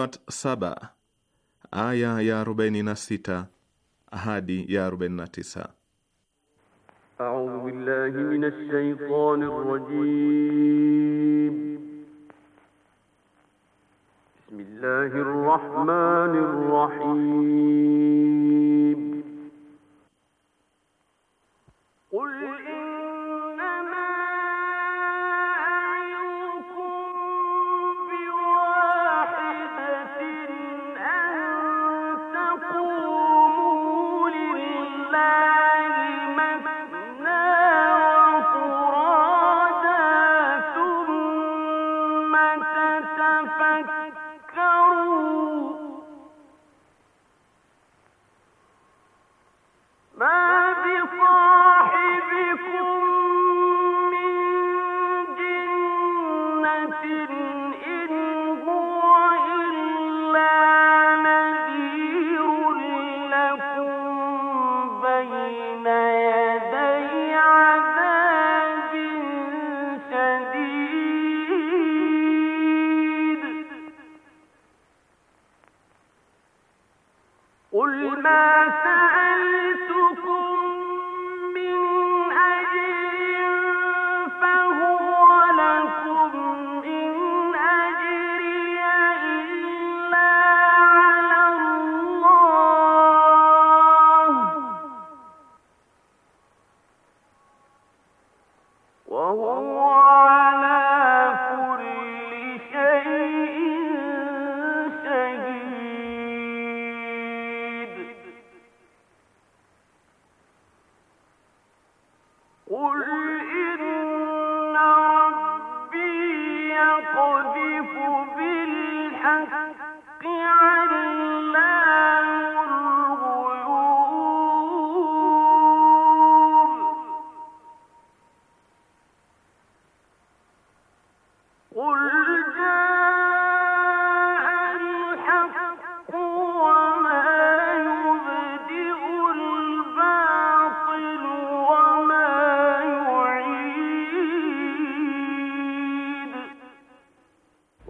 Surat 7 aya ya na sita hadi ya na tisa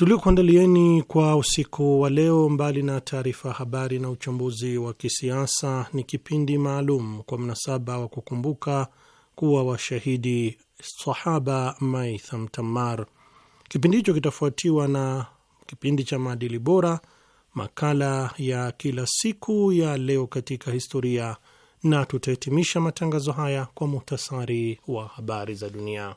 tuliokuandalieni kwa usiku wa leo, mbali na taarifa habari na uchambuzi wa kisiasa, ni kipindi maalum kwa mnasaba wa kukumbuka kuwa washahidi sahaba Maitham Tamar. Kipindi hicho kitafuatiwa na kipindi cha maadili bora, makala ya kila siku ya leo katika historia, na tutahitimisha matangazo haya kwa muhtasari wa habari za dunia.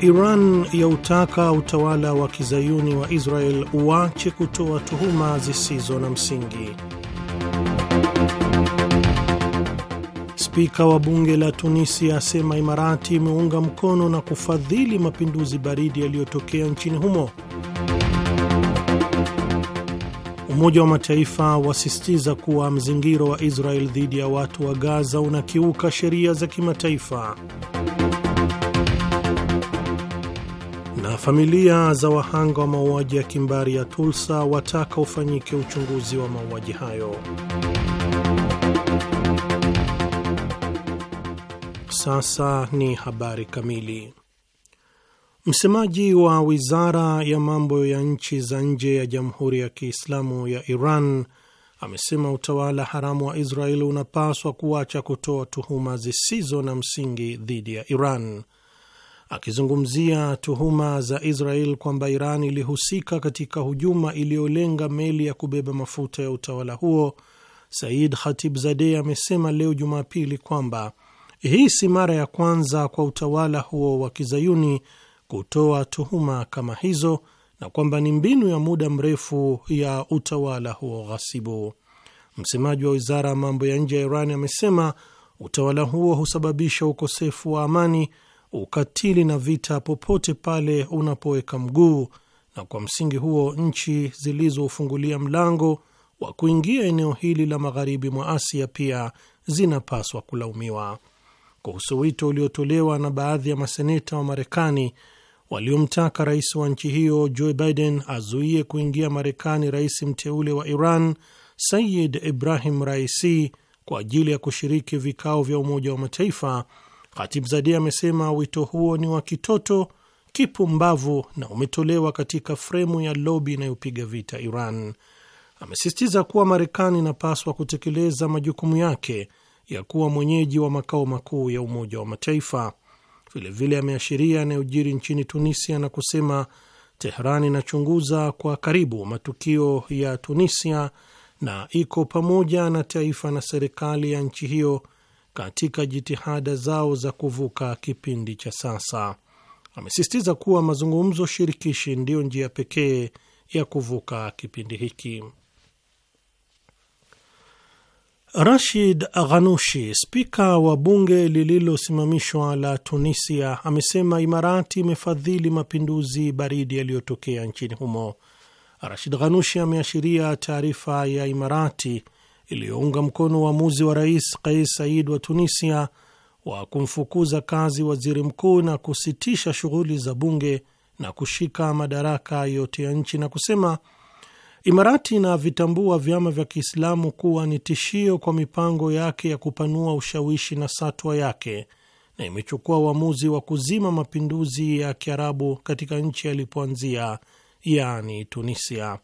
Iran yautaka utawala wa kizayuni wa Israel uache kutoa tuhuma zisizo na msingi. Spika wa bunge la Tunisia asema Imarati imeunga mkono na kufadhili mapinduzi baridi yaliyotokea nchini humo. Umoja wa Mataifa wasisitiza kuwa mzingiro wa Israel dhidi ya watu wa Gaza unakiuka sheria za kimataifa. Familia za wahanga wa mauaji ya kimbari ya Tulsa wataka ufanyike uchunguzi wa mauaji hayo. Sasa ni habari kamili. Msemaji wa wizara ya mambo ya nchi za nje ya Jamhuri ya Kiislamu ya Iran amesema utawala haramu wa Israeli unapaswa kuacha kutoa tuhuma zisizo na msingi dhidi ya Iran akizungumzia tuhuma za Israel kwamba Iran ilihusika katika hujuma iliyolenga meli ya kubeba mafuta ya utawala huo, Said Khatibzadeh amesema leo Jumapili kwamba hii si mara ya kwanza kwa utawala huo wa kizayuni kutoa tuhuma kama hizo na kwamba ni mbinu ya muda mrefu ya utawala huo ghasibu. Msemaji wa wizara ya mambo ya nje ya Iran amesema utawala huo husababisha ukosefu wa amani ukatili na vita popote pale unapoweka mguu, na kwa msingi huo nchi zilizofungulia mlango wa kuingia eneo hili la magharibi mwa Asia pia zinapaswa kulaumiwa. Kuhusu wito uliotolewa na baadhi ya maseneta wa Marekani waliomtaka rais wa nchi hiyo Joe Biden azuie kuingia Marekani rais mteule wa Iran Sayid Ibrahim Raisi kwa ajili ya kushiriki vikao vya Umoja wa Mataifa Khatibzadeh amesema wito huo ni wa kitoto, kipumbavu na umetolewa katika fremu ya lobi inayopiga vita Iran. Amesisitiza kuwa Marekani inapaswa kutekeleza majukumu yake ya kuwa mwenyeji wa makao makuu ya Umoja wa Mataifa. Vilevile ameashiria yanayojiri nchini Tunisia na kusema tehran inachunguza kwa karibu matukio ya Tunisia na iko pamoja na taifa na serikali ya nchi hiyo katika jitihada zao za kuvuka kipindi cha sasa. Amesisitiza kuwa mazungumzo shirikishi ndiyo njia pekee ya kuvuka kipindi hiki. Rashid Ghanushi, spika wa bunge lililosimamishwa la Tunisia, amesema Imarati imefadhili mapinduzi baridi yaliyotokea nchini humo. Rashid Ghanushi ameashiria taarifa ya Imarati iliyounga mkono uamuzi wa Rais Kais Said wa Tunisia wa kumfukuza kazi waziri mkuu na kusitisha shughuli za bunge na kushika madaraka yote ya nchi na kusema Imarati inavitambua vyama vya Kiislamu kuwa ni tishio kwa mipango yake ya kupanua ushawishi na satwa yake na imechukua uamuzi wa kuzima mapinduzi ya Kiarabu katika nchi yalipoanzia, yaani Tunisia.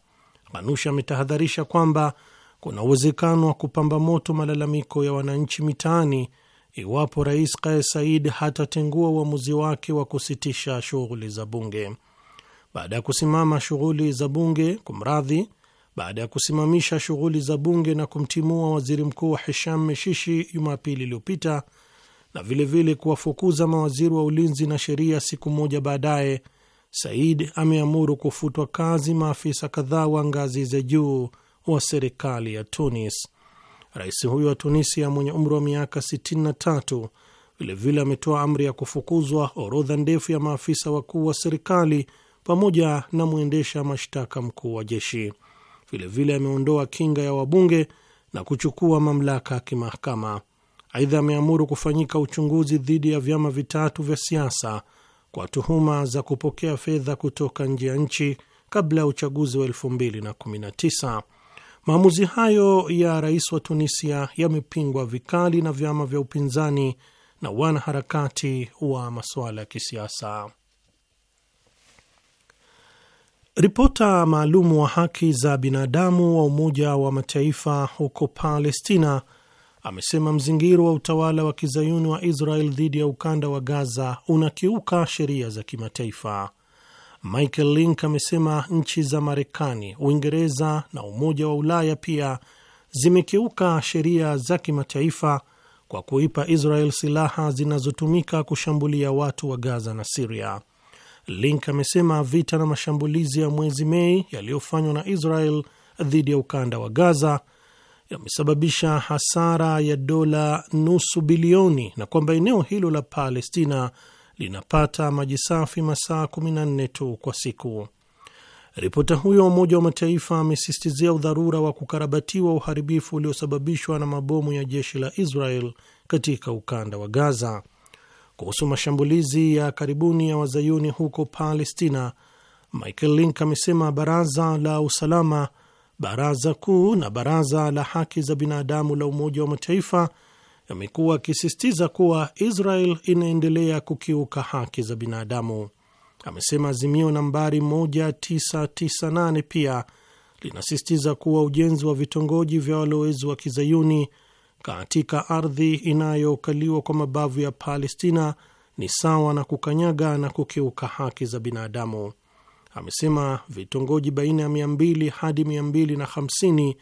Ghanusha ametahadharisha kwamba kuna uwezekano wa kupamba moto malalamiko ya wananchi mitaani iwapo Rais Kais Saied hatatengua uamuzi wake wa kusitisha shughuli za bunge baada ya kusimama shughuli za bunge kumradhi, baada ya kusimamisha shughuli za bunge na kumtimua waziri mkuu Hisham Meshishi Jumapili iliyopita na vilevile kuwafukuza mawaziri wa ulinzi na sheria siku moja baadaye, Said ameamuru kufutwa kazi maafisa kadhaa wa ngazi za juu wa serikali ya Tunis. Rais huyo wa Tunisia mwenye umri wa miaka 63 vilevile ametoa amri ya kufukuzwa orodha ndefu ya maafisa wakuu wa serikali pamoja na mwendesha mashtaka mkuu wa jeshi. Vilevile ameondoa kinga ya wabunge na kuchukua mamlaka ya kimahakama. Aidha, ameamuru kufanyika uchunguzi dhidi ya vyama vitatu vya siasa kwa tuhuma za kupokea fedha kutoka nje ya nchi kabla ya uchaguzi wa 219 Maamuzi hayo ya rais wa Tunisia yamepingwa vikali na vyama vya upinzani na wanaharakati wa masuala ya kisiasa. Ripota maalumu wa haki za binadamu wa Umoja wa Mataifa huko Palestina amesema mzingiro wa utawala wa kizayuni wa Israel dhidi ya ukanda wa Gaza unakiuka sheria za kimataifa. Michael Link amesema nchi za Marekani, Uingereza na Umoja wa Ulaya pia zimekiuka sheria za kimataifa kwa kuipa Israel silaha zinazotumika kushambulia watu wa Gaza na Siria. Link amesema vita na mashambulizi ya mwezi Mei yaliyofanywa na Israel dhidi ya ukanda wa Gaza yamesababisha hasara ya dola nusu bilioni na kwamba eneo hilo la Palestina linapata maji safi masaa 14 tu kwa siku. Ripota huyo wa Umoja wa Mataifa amesistizia udharura wa kukarabatiwa uharibifu uliosababishwa na mabomu ya jeshi la Israel katika ukanda wa Gaza. Kuhusu mashambulizi ya karibuni ya wazayuni huko Palestina, Michael Link amesema baraza la usalama, baraza kuu na baraza la haki za binadamu la Umoja wa Mataifa yamekuwa akisisitiza kuwa Israel inaendelea kukiuka haki za binadamu. Amesema azimio nambari 1998 pia linasisitiza kuwa ujenzi wa vitongoji vya walowezi wa kizayuni katika ardhi inayokaliwa kwa mabavu ya Palestina ni sawa na kukanyaga na kukiuka haki za binadamu. Amesema vitongoji baina ya 200 hadi 250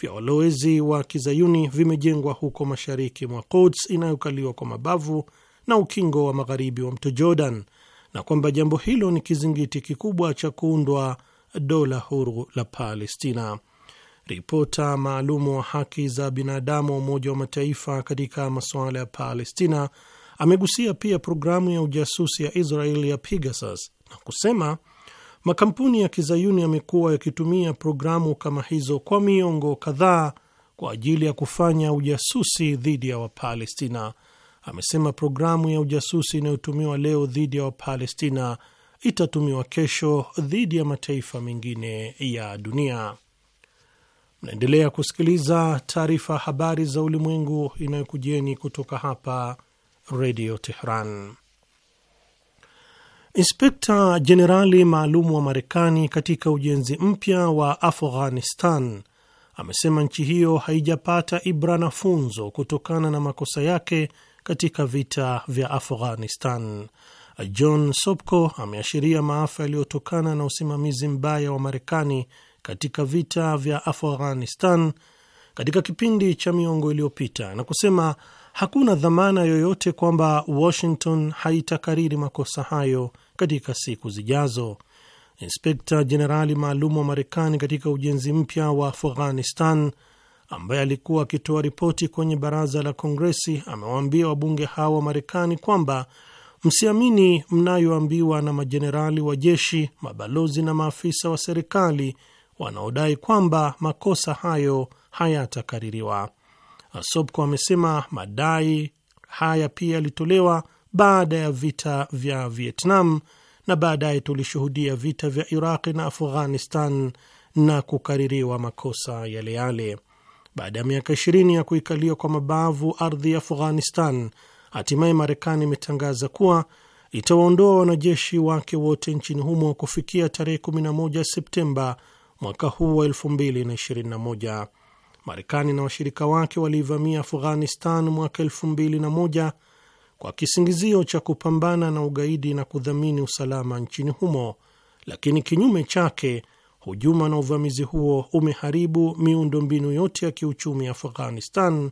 vya walowezi wa kizayuni vimejengwa huko mashariki mwa Quds inayokaliwa kwa mabavu na ukingo wa magharibi wa mto Jordan, na kwamba jambo hilo ni kizingiti kikubwa cha kuundwa dola huru la Palestina. Ripota maalumu wa haki za binadamu wa Umoja wa Mataifa katika masuala ya Palestina amegusia pia programu ya ujasusi ya israel ya Pegasus na kusema Makampuni ya kizayuni yamekuwa yakitumia programu kama hizo kwa miongo kadhaa kwa ajili ya kufanya ujasusi dhidi ya Wapalestina. Amesema programu ya ujasusi inayotumiwa leo dhidi ya Wapalestina itatumiwa kesho dhidi ya mataifa mengine ya dunia. Mnaendelea kusikiliza taarifa habari za ulimwengu inayokujieni kutoka hapa Redio teheran Inspekta Jenerali maalum wa Marekani katika ujenzi mpya wa Afghanistan amesema nchi hiyo haijapata ibra na funzo kutokana na makosa yake katika vita vya Afghanistan. John Sopko ameashiria maafa yaliyotokana na usimamizi mbaya wa Marekani katika vita vya Afghanistan katika kipindi cha miongo iliyopita na kusema hakuna dhamana yoyote kwamba Washington haitakariri makosa hayo katika siku zijazo. Inspekta Jenerali maalum wa Marekani katika ujenzi mpya wa Afghanistan, ambaye alikuwa akitoa ripoti kwenye baraza la Kongresi, amewaambia wabunge hawa wa Marekani kwamba msiamini mnayoambiwa na majenerali wa jeshi, mabalozi na maafisa wa serikali wanaodai kwamba makosa hayo hayatakaririwa asopko amesema madai haya pia yalitolewa baada ya vita vya Vietnam na baadaye tulishuhudia vita vya Iraqi na Afghanistan na kukaririwa makosa yale yale. Baada ya miaka 20 ya kuikalia kwa mabavu ardhi ya Afghanistan, hatimaye Marekani imetangaza kuwa itawaondoa wanajeshi wake wote nchini humo kufikia tarehe 11 Septemba mwaka huu wa 2021. Marekani na washirika wake waliivamia Afghanistan mwaka elfu mbili na moja kwa kisingizio cha kupambana na ugaidi na kudhamini usalama nchini humo, lakini kinyume chake, hujuma na uvamizi huo umeharibu miundo mbinu yote ya kiuchumi ya Afghanistan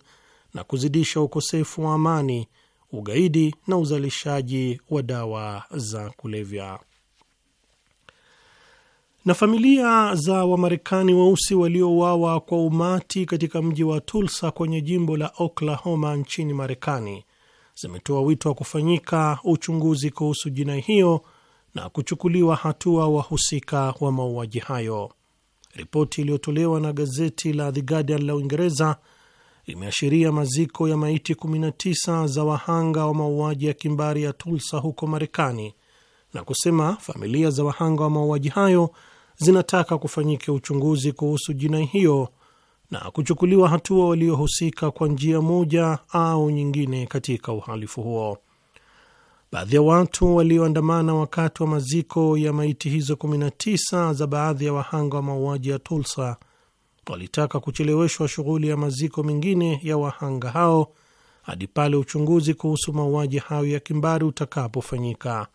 na kuzidisha ukosefu wa amani, ugaidi na uzalishaji wa dawa za kulevya na familia za Wamarekani weusi waliouawa kwa umati katika mji wa Tulsa kwenye jimbo la Oklahoma nchini Marekani zimetoa wito wa kufanyika uchunguzi kuhusu jinai hiyo na kuchukuliwa hatua wahusika wa mauaji hayo. Ripoti iliyotolewa na gazeti la The Guardian la Uingereza imeashiria maziko ya maiti 19 za wahanga wa mauaji ya kimbari ya Tulsa huko Marekani na kusema familia za wahanga wa mauaji hayo zinataka kufanyika uchunguzi kuhusu jinai hiyo na kuchukuliwa hatua waliohusika kwa njia moja au nyingine katika uhalifu huo. Baadhi ya watu walioandamana wakati wa maziko ya maiti hizo 19 za baadhi ya wahanga wa mauaji ya Tulsa walitaka kucheleweshwa shughuli ya maziko mengine ya wahanga hao hadi pale uchunguzi kuhusu mauaji hayo ya kimbari utakapofanyika.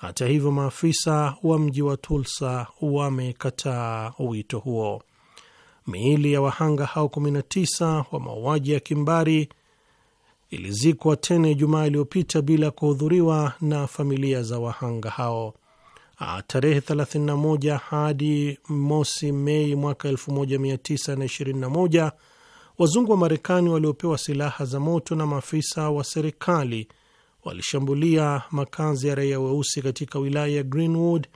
Hata hivyo, maafisa wa mji wa Tulsa wamekataa wito huo. Miili ya wahanga hao 19 wa mauaji ya kimbari ilizikwa tena Ijumaa iliyopita bila kuhudhuriwa na familia za wahanga hao. Tarehe 31 hadi mosi Mei mwaka 1921 wazungu wa Marekani waliopewa silaha za moto na maafisa wa serikali walishambulia makazi ya raia weusi katika wilaya ya Greenwood,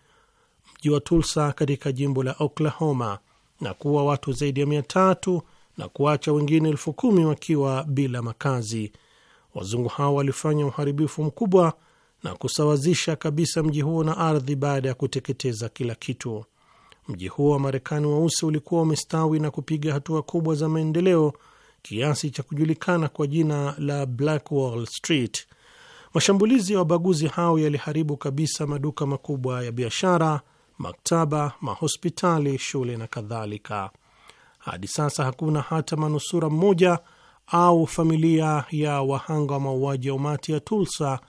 mji wa Tulsa katika jimbo la Oklahoma na kuwa watu zaidi ya mia tatu na kuacha wengine elfu kumi wakiwa bila makazi. Wazungu hao walifanya uharibifu mkubwa na kusawazisha kabisa mji huo na ardhi baada ya kuteketeza kila kitu. Mji huo wa Marekani weusi ulikuwa umestawi na kupiga hatua kubwa za maendeleo kiasi cha kujulikana kwa jina la Black Wall Street, Mashambulizi ya wabaguzi hao yaliharibu kabisa maduka makubwa ya biashara, maktaba, mahospitali, shule na kadhalika. Hadi sasa hakuna hata manusura mmoja au familia ya wahanga wa mauaji ya umati ya Tulsa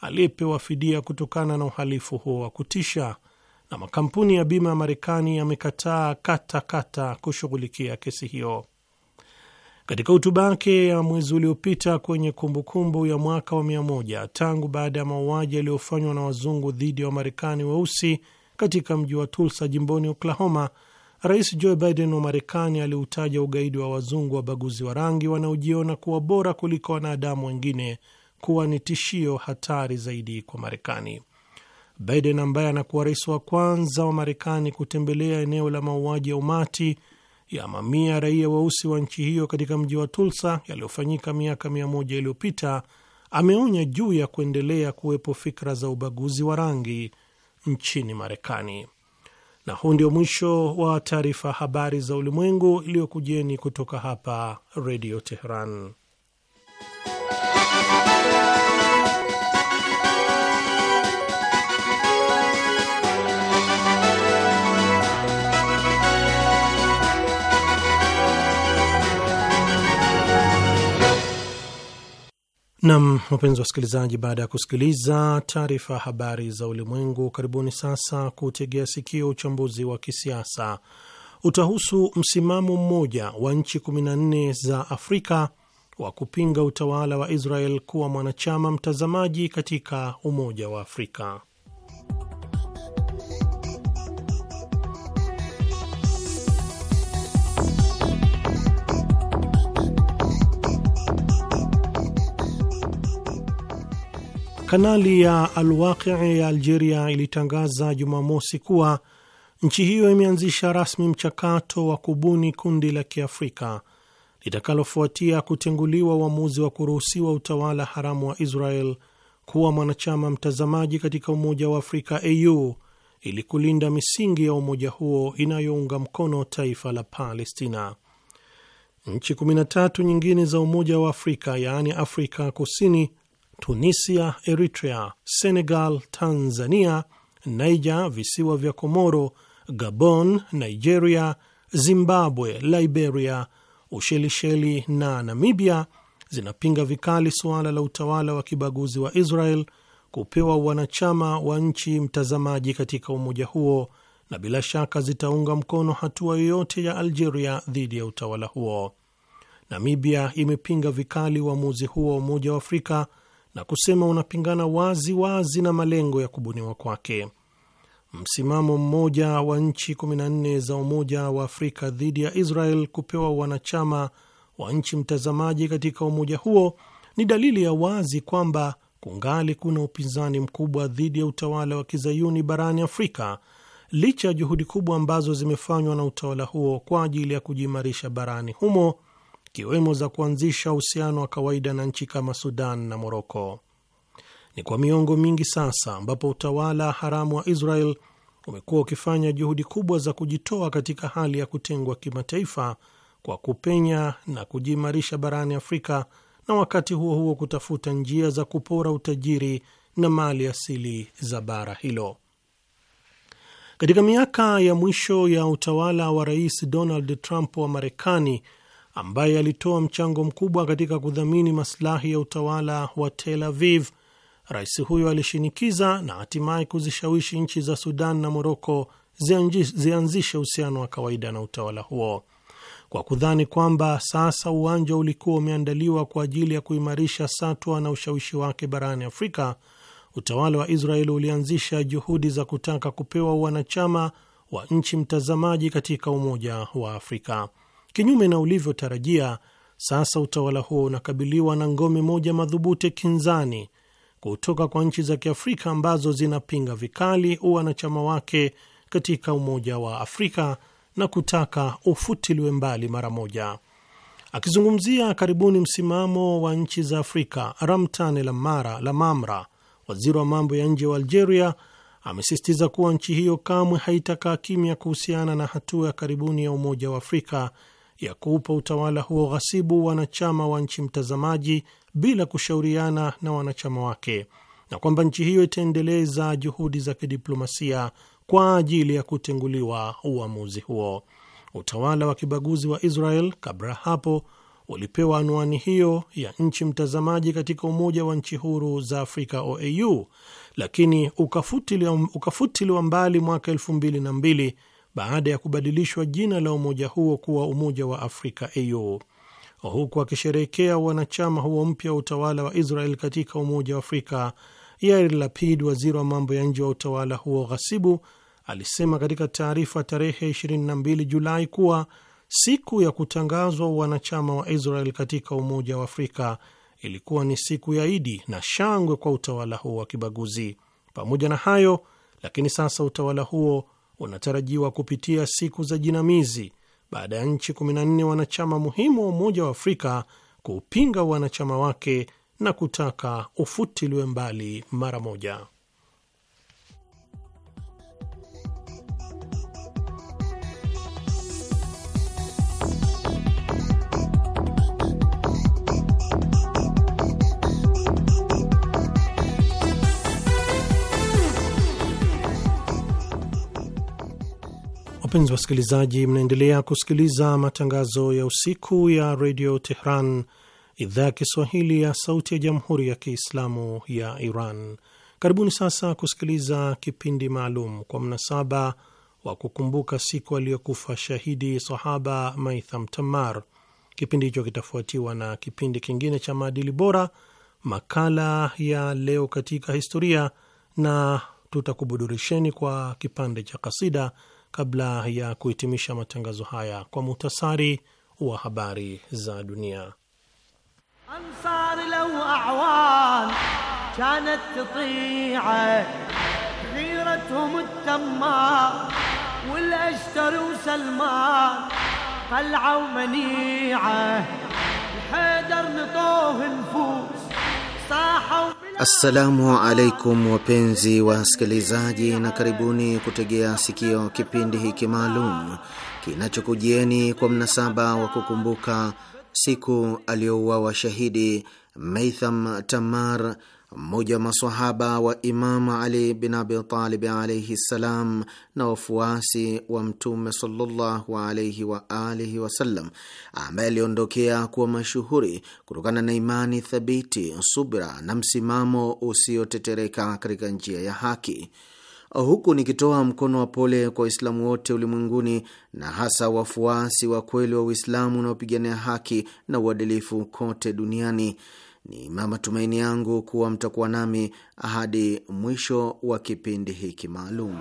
aliyepewa fidia kutokana na uhalifu huo wa kutisha, na makampuni ya bima ya Marekani yamekataa katakata kushughulikia kesi hiyo. Katika hotuba yake ya mwezi uliopita kwenye kumbukumbu kumbu ya mwaka wa mia moja tangu baada ya mauaji yaliyofanywa na wazungu dhidi ya wa Wamarekani weusi katika mji wa Tulsa jimboni Oklahoma, Rais Joe Biden wa Marekani aliutaja ugaidi wa wazungu wabaguzi wa rangi wanaojiona kuwa bora kuliko wanadamu wengine kuwa ni tishio hatari zaidi kwa Marekani. Biden ambaye anakuwa rais wa kwanza wa Marekani kutembelea eneo la mauaji ya umati ya mamia raia weusi wa nchi hiyo katika mji wa Tulsa yaliyofanyika miaka mia moja iliyopita, ameonya juu ya kuendelea kuwepo fikra za ubaguzi wa rangi nchini Marekani. Na huu ndio mwisho wa taarifa habari za ulimwengu iliyokujeni kutoka hapa Redio Teheran. Nam, wapenzi wasikilizaji, baada ya kusikiliza taarifa habari za ulimwengu, karibuni sasa kutegea sikio uchambuzi wa kisiasa. Utahusu msimamo mmoja wa nchi 14 za Afrika wa kupinga utawala wa Israel kuwa mwanachama mtazamaji katika Umoja wa Afrika. Kanali ya Alwaqii ya Algeria ilitangaza Jumamosi kuwa nchi hiyo imeanzisha rasmi mchakato wa kubuni kundi la Kiafrika litakalofuatia kutenguliwa uamuzi wa kuruhusiwa utawala haramu wa Israel kuwa mwanachama mtazamaji katika Umoja wa Afrika au ili kulinda misingi ya umoja huo inayounga mkono taifa la Palestina. Nchi 13 nyingine za Umoja wa Afrika yaani Afrika Kusini, Tunisia, Eritrea, Senegal, Tanzania, Niger, visiwa vya Komoro, Gabon, Nigeria, Zimbabwe, Liberia, Ushelisheli na Namibia zinapinga vikali suala la utawala wa kibaguzi wa Israel kupewa wanachama wa nchi mtazamaji katika umoja huo na bila shaka zitaunga mkono hatua yoyote ya Algeria dhidi ya utawala huo. Namibia imepinga vikali uamuzi huo wa Umoja wa Afrika na kusema unapingana wazi wazi na malengo ya kubuniwa kwake. Msimamo mmoja wa nchi 14 za Umoja wa Afrika dhidi ya Israel kupewa wanachama wa nchi mtazamaji katika umoja huo ni dalili ya wazi kwamba kungali kuna upinzani mkubwa dhidi ya utawala wa kizayuni barani Afrika licha ya juhudi kubwa ambazo zimefanywa na utawala huo kwa ajili ya kujiimarisha barani humo ikiwemo za kuanzisha uhusiano wa kawaida na nchi kama Sudan na Moroko. Ni kwa miongo mingi sasa ambapo utawala haramu wa Israel umekuwa ukifanya juhudi kubwa za kujitoa katika hali ya kutengwa kimataifa kwa kupenya na kujiimarisha barani Afrika na wakati huo huo kutafuta njia za kupora utajiri na mali asili za bara hilo. Katika miaka ya mwisho ya utawala wa Rais Donald Trump wa Marekani ambaye alitoa mchango mkubwa katika kudhamini maslahi ya utawala wa Tel Aviv, rais huyo alishinikiza na hatimaye kuzishawishi nchi za Sudan na Moroko zianzishe uhusiano wa kawaida na utawala huo kwa kudhani kwamba sasa uwanja ulikuwa umeandaliwa kwa ajili ya kuimarisha satwa na ushawishi wake barani Afrika. Utawala wa Israeli ulianzisha juhudi za kutaka kupewa wanachama wa nchi mtazamaji katika Umoja wa Afrika. Kinyume na ulivyotarajia, sasa utawala huo unakabiliwa na ngome moja madhubuti kinzani kutoka kwa nchi za Kiafrika ambazo zinapinga vikali uanachama wake katika Umoja wa Afrika na kutaka ufutiliwe mbali mara moja. Akizungumzia karibuni msimamo wa nchi za Afrika, Ramtane Lamara Lamamra, waziri wa mambo ya nje wa Algeria, amesisitiza kuwa nchi hiyo kamwe haitakaa kimya kuhusiana na hatua ya karibuni ya Umoja wa Afrika ya kuupa utawala huo ghasibu wanachama wa nchi mtazamaji bila kushauriana na wanachama wake na kwamba nchi hiyo itaendeleza juhudi za kidiplomasia kwa ajili ya kutenguliwa uamuzi huo. Utawala wa kibaguzi wa Israel kabla hapo ulipewa anwani hiyo ya nchi mtazamaji katika Umoja wa Nchi Huru za Afrika, OAU, lakini ukafutiliwa mbali mwaka elfu mbili na mbili baada ya kubadilishwa jina la umoja huo kuwa Umoja wa Afrika AU, huku akisherehekea wanachama huo mpya wa utawala wa Israel katika Umoja wa Afrika. Yair Lapid, waziri wa mambo ya nje wa utawala huo ghasibu, alisema katika taarifa tarehe 22 Julai kuwa siku ya kutangazwa wanachama wa Israel katika Umoja wa Afrika ilikuwa ni siku ya Idi na shangwe kwa utawala huo wa kibaguzi. Pamoja na hayo lakini, sasa utawala huo unatarajiwa kupitia siku za jinamizi baada ya nchi 14 wanachama muhimu wa Umoja wa Afrika kupinga wanachama wake na kutaka ufutiliwe mbali mara moja. Wapenzi wasikilizaji, mnaendelea kusikiliza matangazo ya usiku ya redio Tehran, idhaa ya Kiswahili ya sauti ya jamhuri ya Kiislamu ya Iran. Karibuni sasa kusikiliza kipindi maalum kwa mnasaba wa kukumbuka siku aliyokufa shahidi sahaba Maitham Tamar. Kipindi hicho kitafuatiwa na kipindi kingine cha maadili bora, makala ya leo katika historia, na tutakubudurisheni kwa kipande cha kasida kabla ya kuhitimisha matangazo haya kwa muhtasari wa habari za dunia. Assalamu alaikum wapenzi wa wasikilizaji, na karibuni kutegea sikio kipindi hiki maalum kinachokujieni kwa mnasaba wa kukumbuka siku aliyouawa shahidi Maitham Tamar mmoja wa masahaba wa Imamu Ali bin Abitalib alaihi ssalam na wafuasi wa Mtume sallallahu alaihi wa alihi wasallam, ambaye aliondokea kuwa mashuhuri kutokana na imani thabiti, subra na msimamo usiotetereka katika njia ya haki huku nikitoa mkono wa pole kwa Waislamu wote ulimwenguni na hasa wafuasi wa kweli wa Uislamu unaopigania haki na uadilifu kote duniani ni mama tumaini yangu kuwa mtakuwa nami hadi mwisho wa kipindi hiki maalum.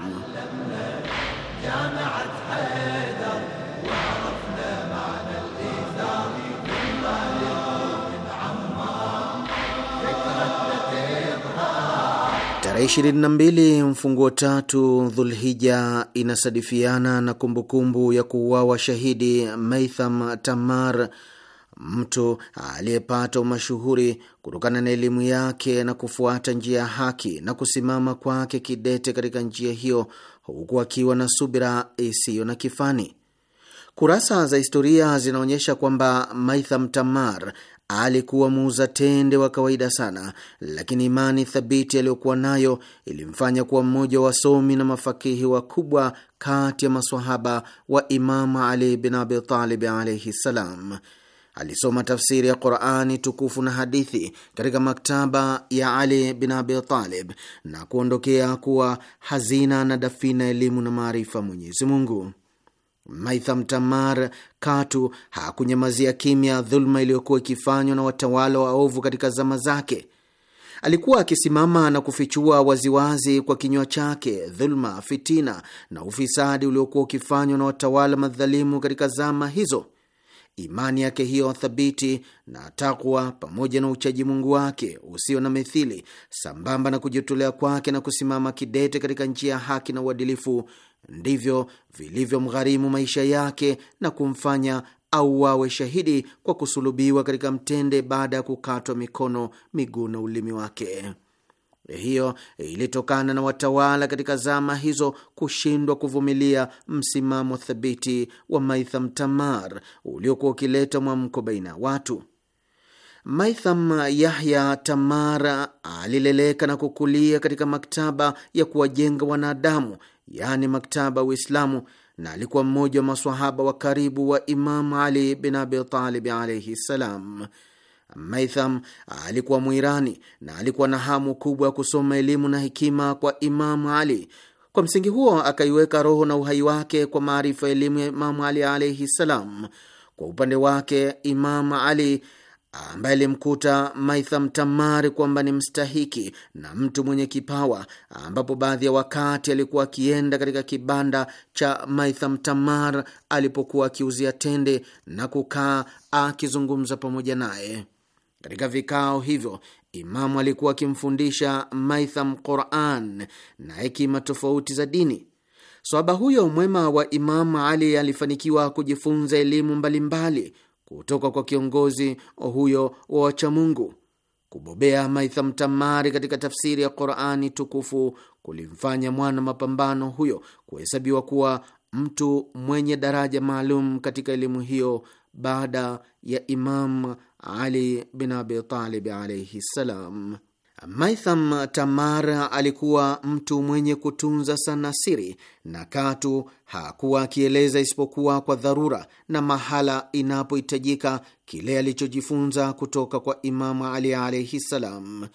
Tarehe 22 mfunguo tatu Dhulhija inasadifiana na kumbukumbu ya kuuawa shahidi Maitham Tamar Mtu aliyepata umashuhuri kutokana na elimu yake na kufuata njia ya haki na kusimama kwake kidete katika njia hiyo, huku akiwa na subira isiyo na kifani. Kurasa za historia zinaonyesha kwamba Maitham Tamar alikuwa muuza tende wa kawaida sana, lakini imani thabiti aliyokuwa nayo ilimfanya kuwa mmoja wa wasomi na mafakihi wakubwa kati ya maswahaba wa Imamu Ali bin Abitalib alaihi ssalam alisoma tafsiri ya Qurani tukufu na hadithi katika maktaba ya Ali bin Abi Talib na kuondokea kuwa hazina na dafina elimu na maarifa Mwenyezi Mungu. Maitham Tamar katu hakunyamazia kimya dhuluma iliyokuwa ikifanywa na watawala waovu katika zama zake. Alikuwa akisimama na kufichua waziwazi kwa kinywa chake dhuluma, fitina na ufisadi uliokuwa ukifanywa na watawala madhalimu katika zama hizo. Imani yake hiyo thabiti na takwa, pamoja na uchaji Mungu wake usio na mithili, sambamba na kujitolea kwake na kusimama kidete katika njia ya haki na uadilifu, ndivyo vilivyomgharimu maisha yake na kumfanya au wawe shahidi kwa kusulubiwa katika mtende baada ya kukatwa mikono, miguu na ulimi wake. Eh, hiyo eh, ilitokana na watawala katika zama hizo kushindwa kuvumilia msimamo thabiti wa Maitham Tamar uliokuwa ukileta mwamko baina ya watu. Maitham Yahya Tamar alileleka na kukulia katika maktaba ya kuwajenga wanadamu, yaani maktaba Uislamu, na alikuwa mmoja wa maswahaba wa karibu wa Imamu Ali bin Abi Talib alaihi ssalam. Maitham alikuwa Mwirani na alikuwa na hamu kubwa ya kusoma elimu na hekima kwa Imamu Ali. Kwa msingi huo akaiweka roho na uhai wake kwa maarifa ya elimu ya Imamu Ali alaihi ssalam. Kwa upande wake, Imamu Ali ambaye alimkuta Maitham Tamari kwamba ni mstahiki na mtu mwenye kipawa, ambapo baadhi ya wakati alikuwa akienda katika kibanda cha Maitham Tamar alipokuwa akiuzia tende na kukaa akizungumza pamoja naye. Katika vikao hivyo Imamu alikuwa akimfundisha Maitham Quran na hekima tofauti za dini. Swaba huyo mwema wa Imamu Ali alifanikiwa kujifunza elimu mbalimbali kutoka kwa kiongozi huyo wa wachamungu. Kubobea Maitham Tamari katika tafsiri ya Qurani tukufu kulimfanya mwana mapambano huyo kuhesabiwa kuwa mtu mwenye daraja maalum katika elimu hiyo baada ya Imam ali bin Abi Talib alaihi ssalam. Maitham Tamar alikuwa mtu mwenye kutunza sana siri na katu hakuwa akieleza isipokuwa kwa dharura na mahala inapohitajika kile alichojifunza kutoka kwa Imamu Ali alaihi ssalam.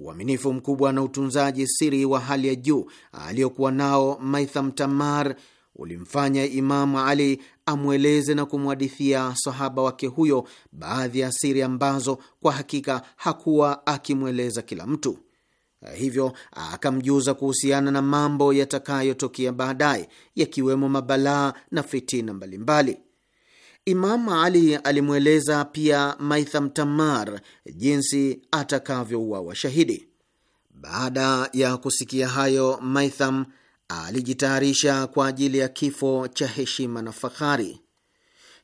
Uaminifu mkubwa na utunzaji siri wa hali ya juu aliyokuwa nao Maitham Tamar ulimfanya Imamu Ali amweleze na kumwadithia sahaba wake huyo baadhi ya siri ambazo kwa hakika hakuwa akimweleza kila mtu. Eh, hivyo akamjuza kuhusiana na mambo yatakayotokea baadaye, yakiwemo mabalaa na fitina mbalimbali. Imamu Ali alimweleza pia Maitham Tamar jinsi atakavyouawa shahidi. Baada ya kusikia hayo Maitham alijitayarisha kwa ajili ya kifo cha heshima na fahari.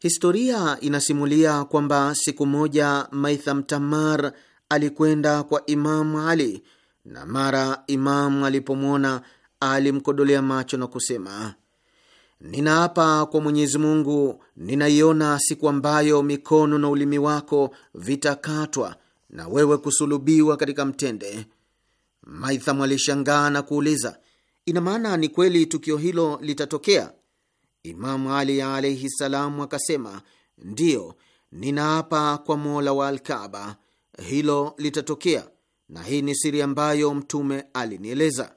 Historia inasimulia kwamba siku moja Maitham Tamar alikwenda kwa Imamu Ali na mara Imamu alipomwona alimkodolea macho na kusema, ninaapa kwa Mwenyezi Mungu, ninaiona siku ambayo mikono na ulimi wako vitakatwa na wewe kusulubiwa katika mtende. Maitham alishangaa na kuuliza Ina maana ni kweli tukio hilo litatokea? Imamu Ali alaihi salam akasema, ndiyo, ninaapa kwa mola wa Alkaba hilo litatokea, na hii ni siri ambayo Mtume alinieleza.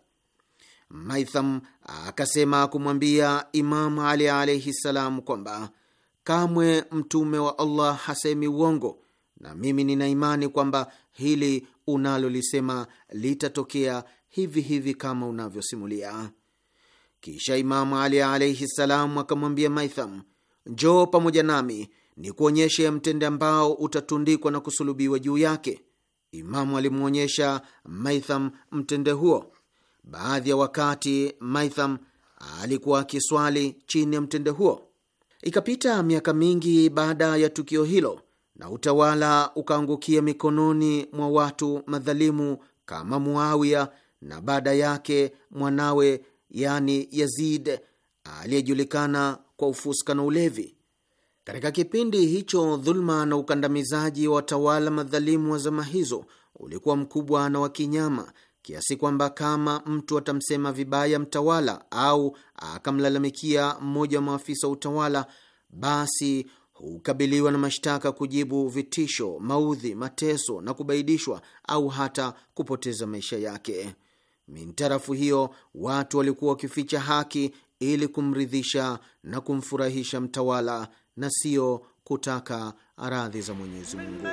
Maitham akasema kumwambia Imamu Ali alaihi salam kwamba kamwe Mtume wa Allah hasemi uongo, na mimi nina imani kwamba hili unalolisema litatokea hivi hivi kama unavyosimulia. Kisha Imamu Ali alaihi ssalam akamwambia Maitham, njoo pamoja nami ni kuonyeshe mtende ambao utatundikwa na kusulubiwa juu yake. Imamu alimwonyesha Maitham mtende huo. Baadhi ya wakati Maitham alikuwa akiswali chini ya mtende huo. Ikapita miaka mingi baada ya tukio hilo, na utawala ukaangukia mikononi mwa watu madhalimu kama Muawiya na baada yake mwanawe yani Yazid aliyejulikana kwa ufuska na ulevi. Katika kipindi hicho, dhuluma na ukandamizaji wa watawala madhalimu wa zama hizo ulikuwa mkubwa na wa kinyama kiasi kwamba kama mtu atamsema vibaya mtawala au akamlalamikia mmoja wa maafisa wa utawala, basi hukabiliwa na mashtaka, kujibu vitisho, maudhi, mateso na kubaidishwa au hata kupoteza maisha yake. Mintarafu hiyo watu walikuwa wakificha haki ili kumridhisha na kumfurahisha mtawala na sio kutaka radhi za Mwenyezi Mungu.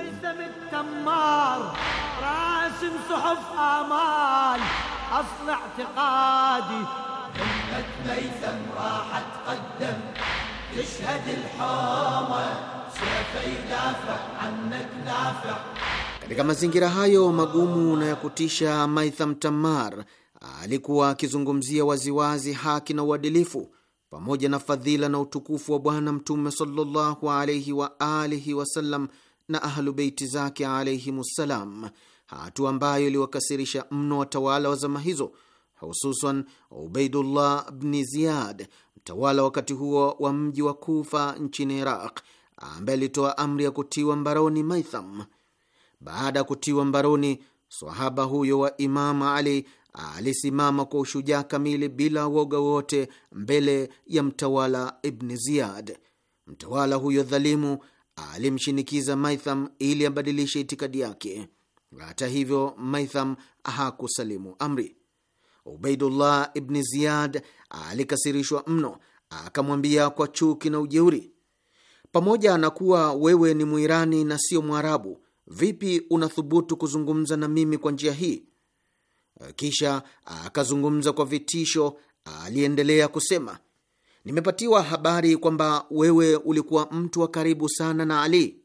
Katika mazingira hayo magumu na ya kutisha, Maitham Tamar alikuwa akizungumzia waziwazi haki na uadilifu pamoja na fadhila na utukufu wa Bwana Mtume sallallahu alaihi wa alihi wasallam na Ahlubeiti zake alaihimussalam, hatua ambayo iliwakasirisha mno watawala wa zama hizo, hususan Ubaidullah bni Ziyad, mtawala wakati huo wa mji wa Kufa nchini Iraq, ambaye alitoa amri ya kutiwa mbaroni Maitham. Baada ya kutiwa mbaroni, swahaba huyo wa Imama Ali alisimama kwa ushujaa kamili bila woga wote mbele ya mtawala Ibni Ziyad. Mtawala huyo dhalimu alimshinikiza Maitham ili abadilishe itikadi yake. Hata hivyo, Maitham hakusalimu amri. Ubaidullah Ibni Ziyad alikasirishwa mno, akamwambia kwa chuki na ujeuri, pamoja na kuwa wewe ni Mwirani na sio Mwarabu, vipi unathubutu kuzungumza na mimi kwa njia hii? Eh, kisha ah, akazungumza kwa vitisho. Ah, aliendelea kusema, nimepatiwa habari kwamba wewe ulikuwa mtu wa karibu sana na Ali.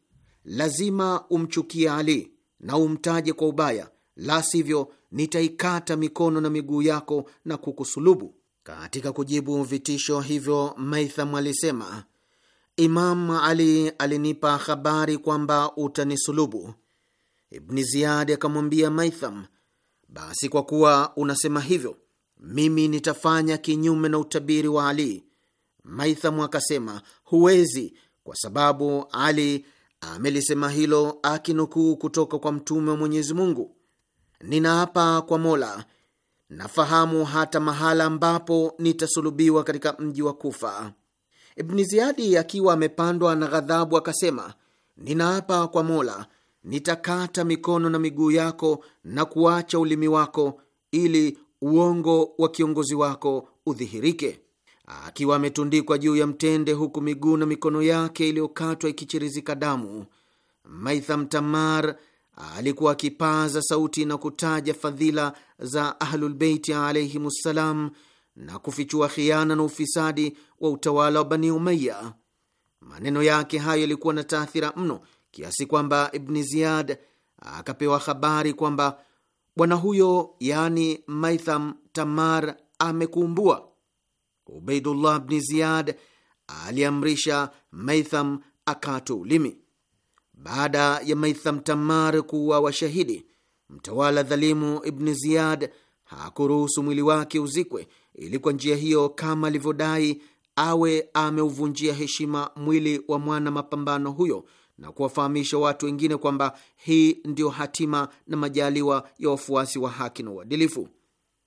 Lazima umchukie Ali na umtaje kwa ubaya, la sivyo nitaikata mikono na miguu yako na kukusulubu. Katika kujibu vitisho hivyo, Maitham alisema Imam Ali alinipa habari kwamba utanisulubu. Ibni Ziyadi akamwambia Maitham, basi kwa kuwa unasema hivyo, mimi nitafanya kinyume na utabiri wa Ali. Maitham akasema, huwezi, kwa sababu Ali amelisema hilo akinukuu kutoka kwa Mtume wa Mwenyezi Mungu. Ninaapa kwa Mola, nafahamu hata mahala ambapo nitasulubiwa katika mji wa Kufa. Ibni Ziyadi akiwa amepandwa na ghadhabu akasema, ninaapa kwa Mola, nitakata mikono na miguu yako na kuacha ulimi wako ili uongo wa kiongozi wako udhihirike. Akiwa ametundikwa juu ya mtende, huku miguu na mikono yake iliyokatwa ikichirizika damu, Maitham Tamar alikuwa akipaza sauti na kutaja fadhila za Ahlulbeiti alaihimussalam ssalam na kufichua khiana na ufisadi wa utawala wa Bani Umayya. Maneno yake hayo yalikuwa na taathira mno kiasi kwamba Ibni Ziyad akapewa habari kwamba bwana huyo, yaani Maitham Tamar, amekumbua. Ubaidullah Bni Ziyad aliamrisha Maitham akate ulimi. Baada ya Maitham Tamar kuwa washahidi, mtawala dhalimu Ibni Ziyad hakuruhusu mwili wake uzikwe ili kwa njia hiyo, kama alivyodai, awe ameuvunjia heshima mwili wa mwana mapambano huyo na kuwafahamisha watu wengine kwamba hii ndiyo hatima na majaliwa ya wafuasi wa haki na uadilifu.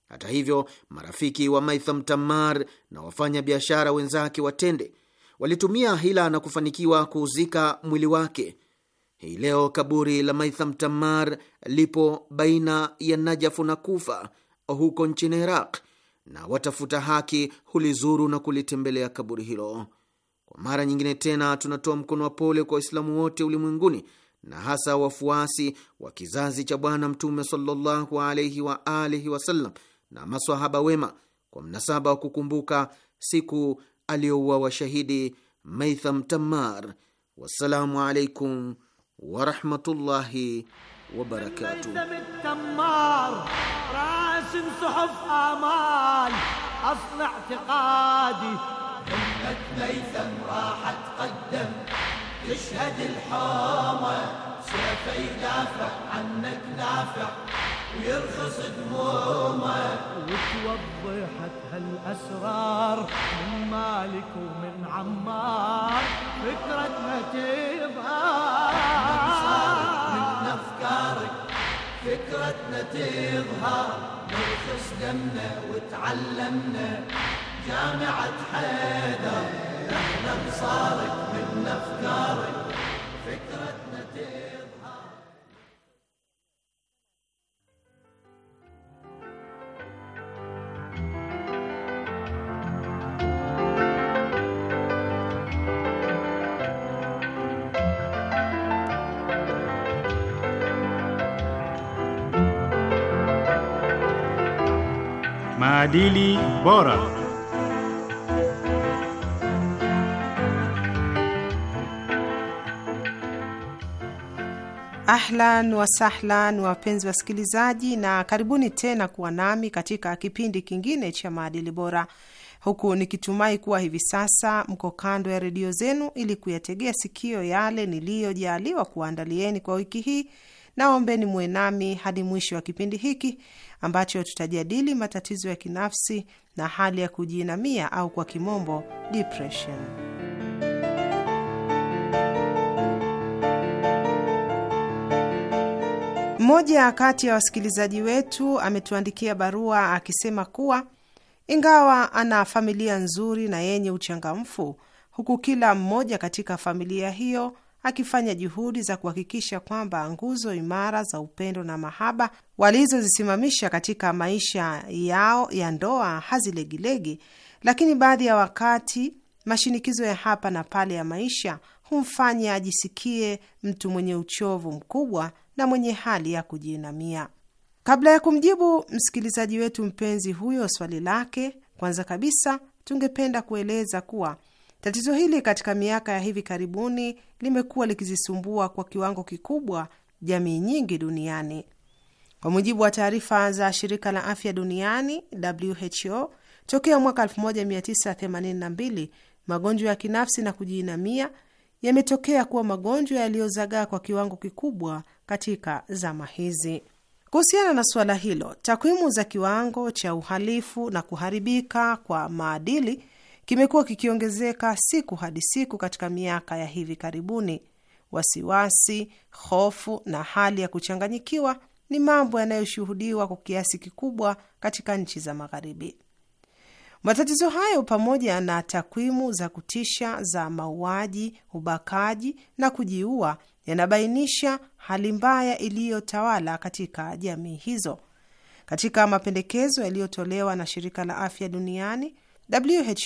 Hata hivyo, marafiki wa Maitham Tamar na wafanya biashara wenzake watende walitumia hila na kufanikiwa kuuzika mwili wake. Hii leo kaburi la Maitham Tamar lipo baina ya Najafu na Kufa huko nchini Iraq na watafuta haki hulizuru na kulitembelea kaburi hilo. Kwa mara nyingine tena, tunatoa mkono wa pole kwa Waislamu wote ulimwenguni na hasa wafuasi wa kizazi cha Bwana Mtume sallallahu alaihi wa alihi wasallam na maswahaba wema kwa mnasaba wa kukumbuka siku aliyouawa shahidi Maitham Tammar. Wassalamu alaikum warahmatullahi وبركاته من التمار راسم صحف آمال أصل اعتقادي أمة ميثم راح تقدم تشهد الحومة سيفه يدافع عنك دافع ويرخص دمومه وتوضحت هالأسرار من مالك ومن عمار فكرتها تظهر فكرتنا تظهر نرخص دمنا وتعلمنا جامعة حيدر نحن نصارك من افكارك Maadili Bora. Ahlan wasahlan, wapenzi wasikilizaji, na karibuni tena kuwa nami katika kipindi kingine cha maadili bora, huku nikitumai kuwa hivi sasa mko kando ya redio zenu ili kuyategea sikio yale niliyojaaliwa kuwaandalieni kwa wiki hii. Naombeni muwe nami hadi mwisho wa kipindi hiki ambacho tutajadili matatizo ya kinafsi na hali ya kujiinamia au kwa kimombo depression. Mmoja kati ya wasikilizaji wetu ametuandikia barua akisema kuwa ingawa ana familia nzuri na yenye uchangamfu, huku kila mmoja katika familia hiyo akifanya juhudi za kuhakikisha kwamba nguzo imara za upendo na mahaba walizozisimamisha katika maisha yao ya ndoa hazilegilegi, lakini baadhi ya wakati mashinikizo ya hapa na pale ya maisha humfanya ajisikie mtu mwenye uchovu mkubwa na mwenye hali ya kujiinamia. Kabla ya kumjibu msikilizaji wetu mpenzi huyo swali lake, kwanza kabisa tungependa kueleza kuwa Tatizo hili katika miaka ya hivi karibuni limekuwa likizisumbua kwa kiwango kikubwa jamii nyingi duniani. Kwa mujibu wa taarifa za shirika la afya duniani WHO, tokea mwaka 1982 magonjwa ya kinafsi na kujiinamia yametokea kuwa magonjwa yaliyozagaa kwa kiwango kikubwa katika zama hizi. Kuhusiana na suala hilo, takwimu za kiwango cha uhalifu na kuharibika kwa maadili kimekuwa kikiongezeka siku hadi siku katika miaka ya hivi karibuni. Wasiwasi, hofu na hali ya kuchanganyikiwa ni mambo yanayoshuhudiwa kwa kiasi kikubwa katika nchi za Magharibi. Matatizo hayo pamoja na takwimu za kutisha za mauaji, ubakaji na kujiua yanabainisha hali mbaya iliyotawala katika jamii hizo. Katika mapendekezo yaliyotolewa na Shirika la Afya Duniani,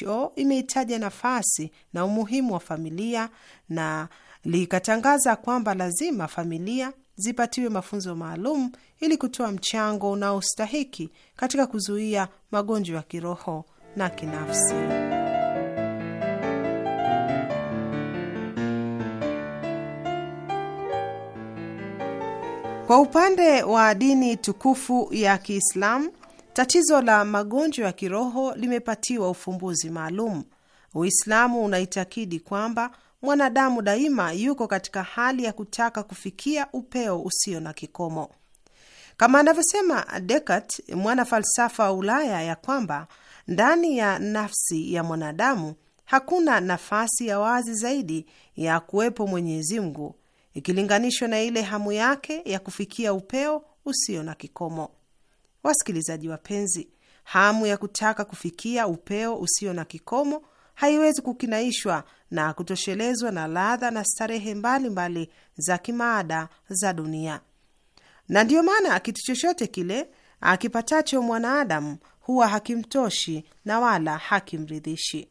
WHO imeitaja nafasi na umuhimu wa familia na likatangaza kwamba lazima familia zipatiwe mafunzo maalum ili kutoa mchango unaostahiki katika kuzuia magonjwa ya kiroho na kinafsi. Kwa upande wa dini tukufu ya Kiislamu, Tatizo la magonjwa ya kiroho limepatiwa ufumbuzi maalum. Uislamu unaitakidi kwamba mwanadamu daima yuko katika hali ya kutaka kufikia upeo usio na kikomo, kama anavyosema Descartes, mwana falsafa wa Ulaya, ya kwamba ndani ya nafsi ya mwanadamu hakuna nafasi ya wazi zaidi ya kuwepo Mwenyezi Mungu ikilinganishwa na ile hamu yake ya kufikia upeo usio na kikomo. Wasikilizaji wapenzi, hamu ya kutaka kufikia upeo usio na kikomo haiwezi kukinaishwa na kutoshelezwa na ladha na starehe mbalimbali mbali za kimaada za dunia, na ndiyo maana kitu chochote kile akipatacho mwanaadamu huwa hakimtoshi na wala hakimridhishi.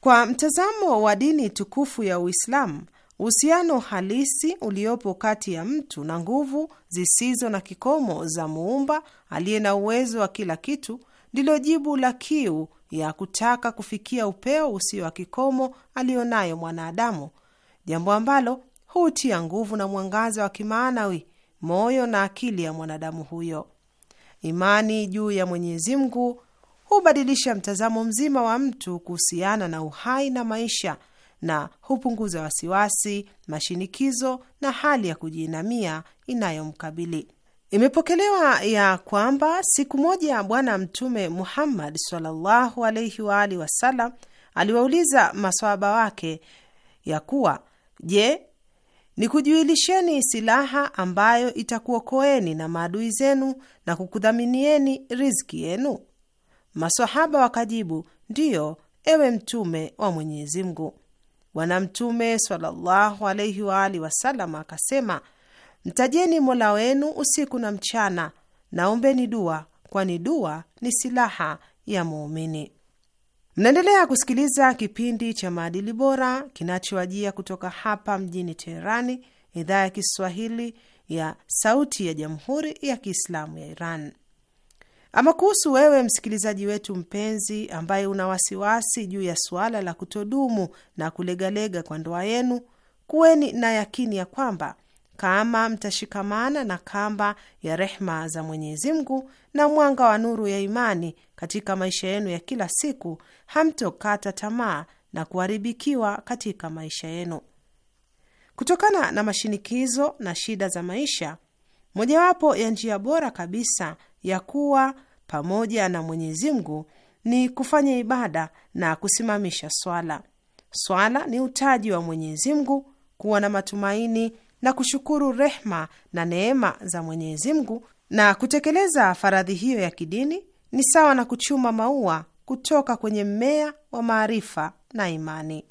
Kwa mtazamo wa dini tukufu ya Uislamu, Uhusiano halisi uliopo kati ya mtu na nguvu zisizo na kikomo za muumba aliye na uwezo wa kila kitu ndilo jibu la kiu ya kutaka kufikia upeo usio wa kikomo aliyonayo mwanadamu, jambo ambalo hutia nguvu na mwangaza wa kimaanawi moyo na akili ya mwanadamu huyo. Imani juu ya Mwenyezi Mungu hubadilisha mtazamo mzima wa mtu kuhusiana na uhai na maisha na hupunguza wasiwasi, mashinikizo na hali ya kujiinamia inayomkabili. Imepokelewa ya kwamba siku moja Bwana Mtume Muhammad sallallahu alaihi wa alihi wasallam aliwauliza maswahaba wake ya kuwa, je, nikujuilisheni silaha ambayo itakuokoeni na maadui zenu na kukudhaminieni riziki yenu? Maswahaba wakajibu, ndiyo, ewe Mtume wa Mwenyezi Mungu. Bwana Mtume sallallahu alaihi waalihi wasallam akasema, mtajeni mola wenu usiku na mchana, naombeni dua, kwani dua ni silaha ya muumini. Mnaendelea kusikiliza kipindi cha maadili bora kinachoajia kutoka hapa mjini Teherani, idhaa ya Kiswahili ya Sauti ya Jamhuri ya Kiislamu ya Iran. Ama kuhusu wewe msikilizaji wetu mpenzi, ambaye una wasiwasi juu ya suala la kutodumu na kulegalega kwa ndoa yenu, kuweni na yakini ya kwamba kama mtashikamana na kamba ya rehma za Mwenyezi Mungu na mwanga wa nuru ya imani katika maisha yenu ya kila siku, hamtokata tamaa na kuharibikiwa katika maisha yenu kutokana na mashinikizo na shida za maisha. Mojawapo ya njia bora kabisa ya kuwa pamoja na Mwenyezi Mungu ni kufanya ibada na kusimamisha swala. Swala ni utaji wa Mwenyezi Mungu, kuwa na matumaini na kushukuru rehma na neema za Mwenyezi Mungu, na kutekeleza faradhi hiyo ya kidini ni sawa na kuchuma maua kutoka kwenye mmea wa maarifa na imani.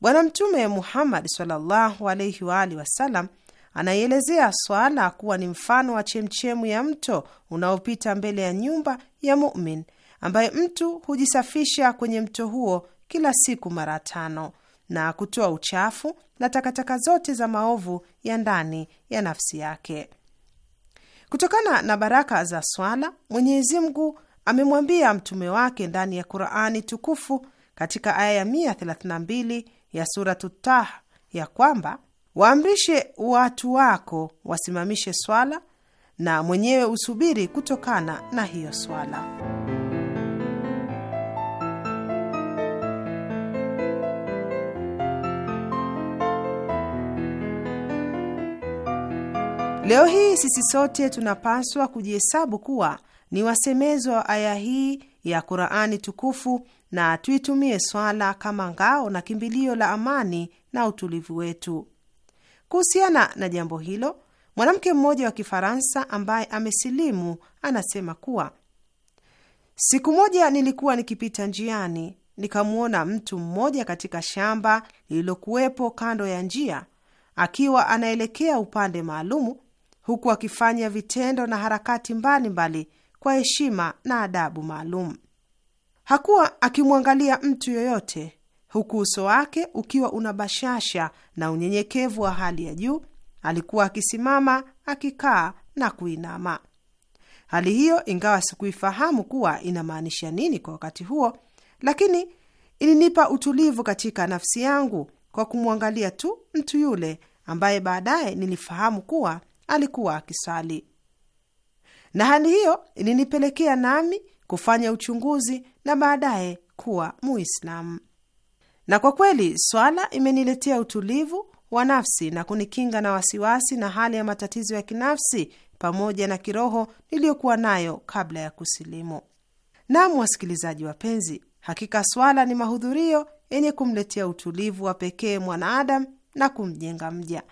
Bwana Mtume Muhammad sallallahu alaihi wa alihi wasallam Anaielezea swala kuwa ni mfano wa chemchemu ya mto unaopita mbele ya nyumba ya mumin, ambaye mtu hujisafisha kwenye mto huo kila siku mara tano na kutoa uchafu na takataka zote za maovu ya ndani ya nafsi yake. Kutokana na baraka za swala, Mwenyezi Mungu amemwambia mtume wake ndani ya Qurani tukufu katika aya ya 132 ya Suratu ya kwamba Waamrishe watu wako wasimamishe swala na mwenyewe usubiri kutokana na hiyo swala. Leo hii sisi sote tunapaswa kujihesabu kuwa ni wasemezwa wa aya hii ya Qur'ani tukufu na tuitumie swala kama ngao na kimbilio la amani na utulivu wetu. Kuhusiana na jambo hilo, mwanamke mmoja wa Kifaransa ambaye amesilimu anasema kuwa siku moja nilikuwa nikipita njiani nikamwona mtu mmoja katika shamba lililokuwepo kando ya njia akiwa anaelekea upande maalumu huku akifanya vitendo na harakati mbalimbali mbali kwa heshima na adabu maalum. Hakuwa akimwangalia mtu yoyote huku uso wake ukiwa una bashasha na unyenyekevu wa hali ya juu. Alikuwa akisimama, akikaa na kuinama. Hali hiyo, ingawa sikuifahamu kuwa inamaanisha nini kwa wakati huo, lakini ilinipa utulivu katika nafsi yangu kwa kumwangalia tu mtu yule ambaye baadaye nilifahamu kuwa alikuwa akisali, na hali hiyo ilinipelekea nami kufanya uchunguzi na baadaye kuwa Muislamu na kwa kweli swala imeniletea utulivu wa nafsi na kunikinga na wasiwasi na hali ya matatizo ya kinafsi pamoja na kiroho niliyokuwa nayo kabla ya kusilimu. Naam, wasikilizaji wapenzi, hakika swala ni mahudhurio yenye kumletea utulivu wa pekee mwanaadam na kumjenga mja.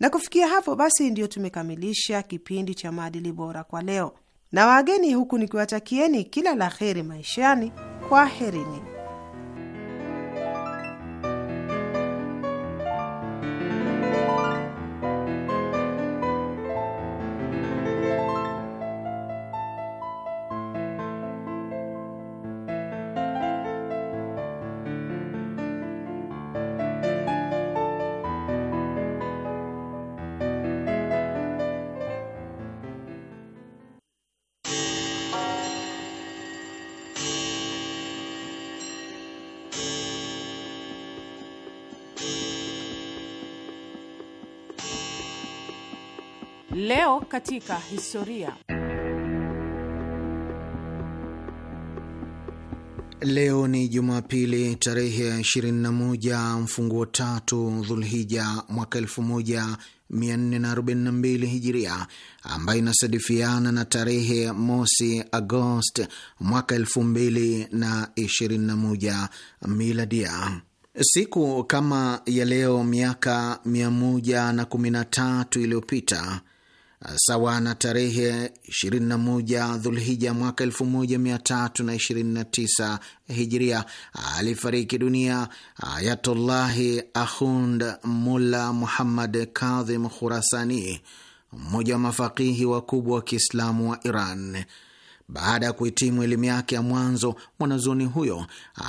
Na kufikia hapo basi, ndiyo tumekamilisha kipindi cha maadili bora kwa leo na wageni, huku nikiwatakieni kila la heri maishani. Kwaherini. Leo katika historia. Leo ni Jumapili tarehe ya 21 mfunguo tatu Dhulhija mwaka 1442 Hijiria, ambayo inasadifiana na tarehe mosi agost mwaka 2021 Miladia. Siku kama ya leo miaka 113 iliyopita Uh, sawa na tarehe 21 Dhulhija mwaka 1329 Hijria, alifariki dunia Ayatullahi Ahund Mulla Muhammad Kadhim Khurasani, mmoja wa mafakihi wakubwa wa Kiislamu wa Iran. Baada ya kuhitimu elimu yake ya mwanzo, mwanazuoni huyo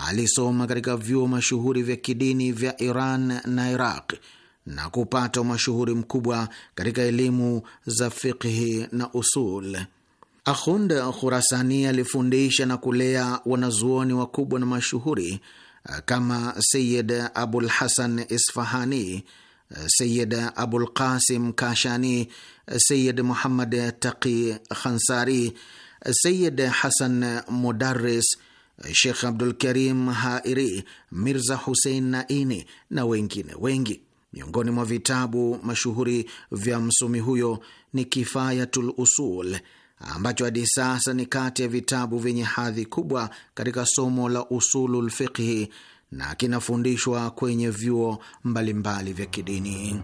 alisoma katika vyuo mashuhuri vya kidini vya Iran na Iraq na kupata umashuhuri mkubwa katika elimu za fiqhi na usul. Akhund Khurasani alifundisha na kulea wanazuoni wakubwa na mashuhuri eh, kama Sayid Abul Hasan Isfahani, eh, Sayid Abul Qasim Kashani, eh, Sayid Muhammad Taqi Khansari, Sayid Hasan Mudaris, Sheikh Abdul Karim Hairi, Mirza Husein Naini na wengine wengi. Miongoni mwa vitabu mashuhuri vya msomi huyo ni Kifayatul Usul ambacho hadi sasa ni kati ya vitabu vyenye hadhi kubwa katika somo la usulul fiqhi na kinafundishwa kwenye vyuo mbalimbali vya kidini.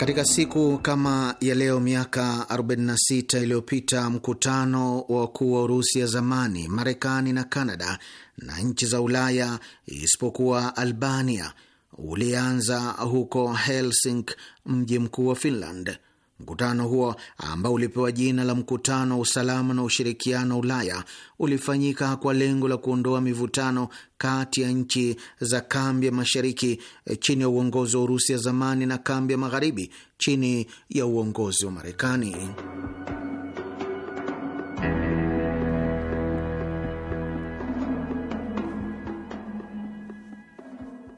Katika siku kama ya leo miaka 46 iliyopita mkutano wa wakuu wa Urusi ya zamani, Marekani na Kanada na nchi za Ulaya isipokuwa Albania ulianza huko Helsinki, mji mkuu wa Finland. Mkutano huo ambao ulipewa jina la mkutano wa usalama na ushirikiano wa Ulaya ulifanyika kwa lengo la kuondoa mivutano kati ya nchi za kambi ya mashariki eh, chini ya uongozi wa Urusi ya zamani na kambi ya magharibi chini ya uongozi wa Marekani.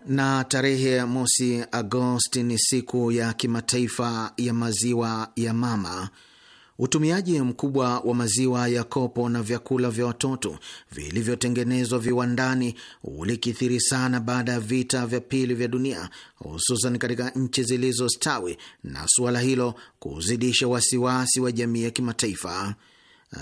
na tarehe ya mosi Agosti ni siku ya kimataifa ya maziwa ya mama. Utumiaji mkubwa wa maziwa ya kopo na vyakula vya watoto vilivyotengenezwa viwandani ulikithiri sana baada ya vita vya pili vya dunia, hususan katika nchi zilizostawi, na suala hilo kuzidisha wasiwasi wa jamii ya kimataifa.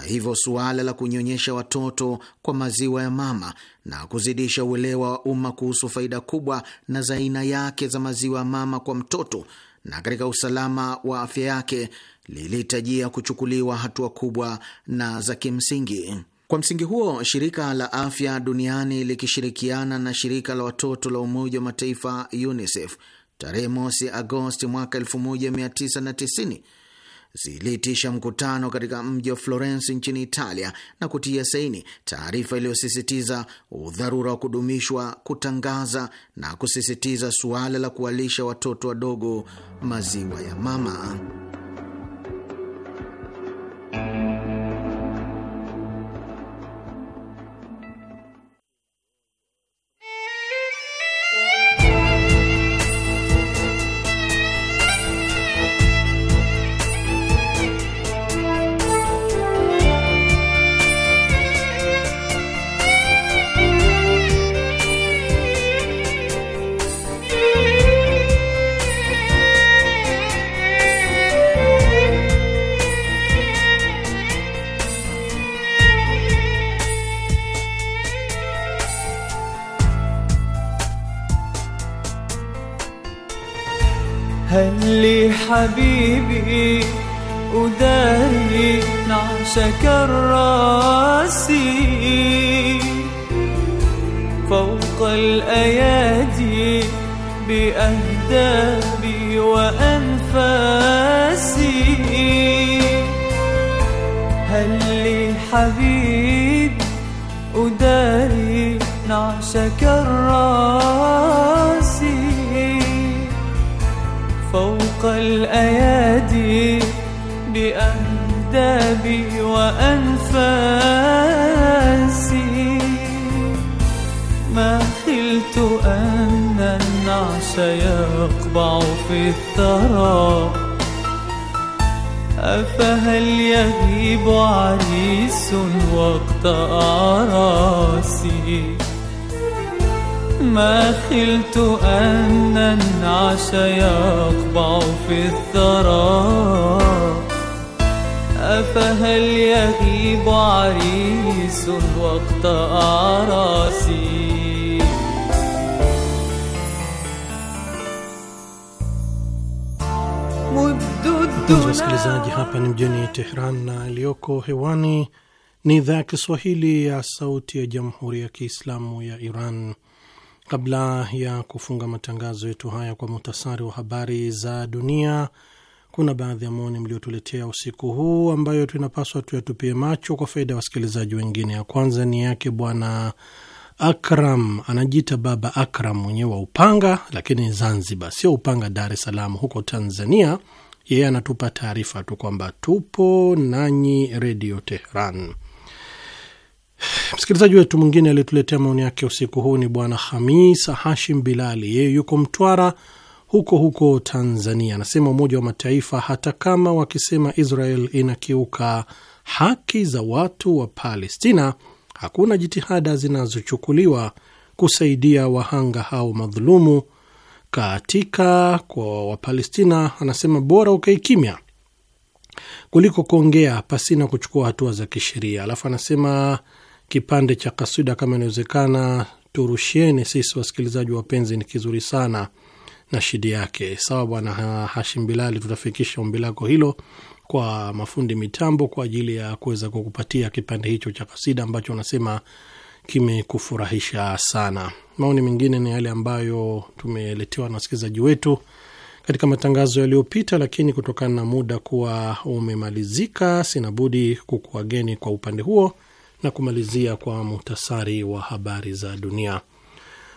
Hivyo suala la kunyonyesha watoto kwa maziwa ya mama na kuzidisha uelewa wa umma kuhusu faida kubwa na za aina yake za maziwa ya mama kwa mtoto na katika usalama wa afya yake lilihitajia kuchukuliwa hatua kubwa na za kimsingi. Kwa msingi huo, shirika la afya duniani likishirikiana na shirika la watoto la Umoja wa Mataifa UNICEF tarehe mosi Agosti mwaka 1990 ziliitisha mkutano katika mji wa Florence nchini Italia na kutia saini taarifa iliyosisitiza udharura wa kudumishwa, kutangaza na kusisitiza suala la kuwalisha watoto wadogo maziwa ya mama. حبيبي وداري نعشك الراسي فوق الأيادي بأهدابي وأنفاسي هل لي حبيب وداري نعشك الراسي فوق الأيادي بأهدابي وأنفاسي ما خلت أن النعش يقبع في الثرى أفهل يغيب عريس وقت أعراسي ما خلت أن النعش يقبع في الثرى أفهل يغيب عريس وقت أعراسي Mpenzi wasikilizaji, hapa ni mjini Tehran na iliyoko hewani ni idhaa ya Kiswahili ya Sauti ya Jamhuri ya Kiislamu ya Iran. Kabla ya kufunga matangazo yetu haya kwa muhtasari wa habari za dunia, kuna baadhi ya maoni mliotuletea usiku huu ambayo tunapaswa tuyatupie macho kwa faida ya wasikilizaji wengine. Ya kwanza ni yake bwana Akram, anajiita Baba Akram mwenyewe wa Upanga, lakini Zanzibar, sio Upanga Dar es Salaam huko Tanzania. Yeye anatupa taarifa tu kwamba tupo nanyi Redio Teheran. Msikilizaji wetu mwingine aliyetuletea maoni yake usiku huu ni bwana hamis Hashim Bilali, yeye yuko Mtwara huko huko Tanzania. Anasema Umoja wa Mataifa hata kama wakisema Israel inakiuka haki za watu wa Palestina, hakuna jitihada zinazochukuliwa kusaidia wahanga hao madhulumu katika kwa Wapalestina. Anasema bora ukae kimya kuliko kuongea pasina kuchukua hatua za kisheria. Alafu anasema kipande cha kaswida kama inawezekana, turusheni sisi wasikilizaji wapenzi, ni kizuri sana na shidi yake. Sawa Bwana Hashim Bilali, tutafikisha ombi lako hilo kwa mafundi mitambo kwa ajili ya kuweza kukupatia kipande hicho cha kasida ambacho unasema kimekufurahisha sana. Maoni mengine ni yale ambayo tumeletewa na wasikilizaji wetu katika matangazo yaliyopita, lakini kutokana na muda kuwa umemalizika, sina budi kukuageni kwa upande huo na kumalizia kwa muhtasari wa habari za dunia.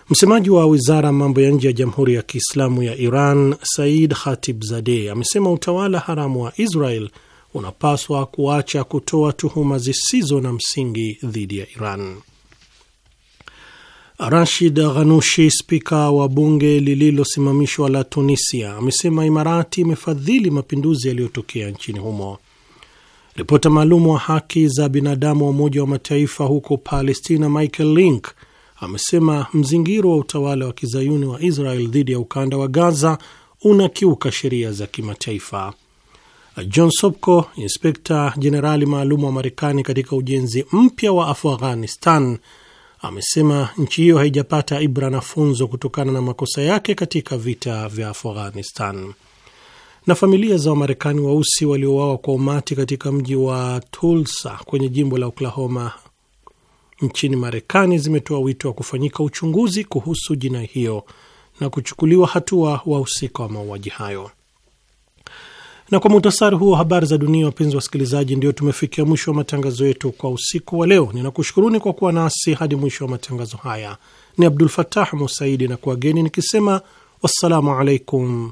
Msemaji wa wizara mambo ya nje ya Jamhuri ya Kiislamu ya Iran, Said Khatibzadeh, amesema utawala haramu wa Israel unapaswa kuacha kutoa tuhuma zisizo na msingi dhidi ya Iran. Rashid Ghanushi, spika wa bunge lililosimamishwa la Tunisia, amesema Imarati imefadhili mapinduzi yaliyotokea nchini humo. Ripota maalum wa haki za binadamu wa Umoja wa Mataifa huko Palestina, Michael Link, amesema mzingiro wa utawala wa kizayuni wa Israel dhidi ya ukanda wa Gaza unakiuka sheria za kimataifa. John Sopko, inspekta jenerali maalum wa Marekani katika ujenzi mpya wa Afghanistan, amesema nchi hiyo haijapata ibra na funzo kutokana na makosa yake katika vita vya Afghanistan na familia za Wamarekani weusi waliouawa kwa umati katika mji wa Tulsa kwenye jimbo la Oklahoma nchini Marekani zimetoa wito wa kufanyika uchunguzi kuhusu jinai hiyo na kuchukuliwa hatua wahusika wa mauaji hayo. Na kwa muhtasari huo habari za dunia, wapenzi wasikilizaji, ndio tumefikia mwisho wa matangazo yetu kwa usiku wa leo. Ninakushukuruni kwa kuwa nasi hadi mwisho wa matangazo haya. Ni Abdul Fatah Musaidi na kuwageni nikisema wassalamu alaikum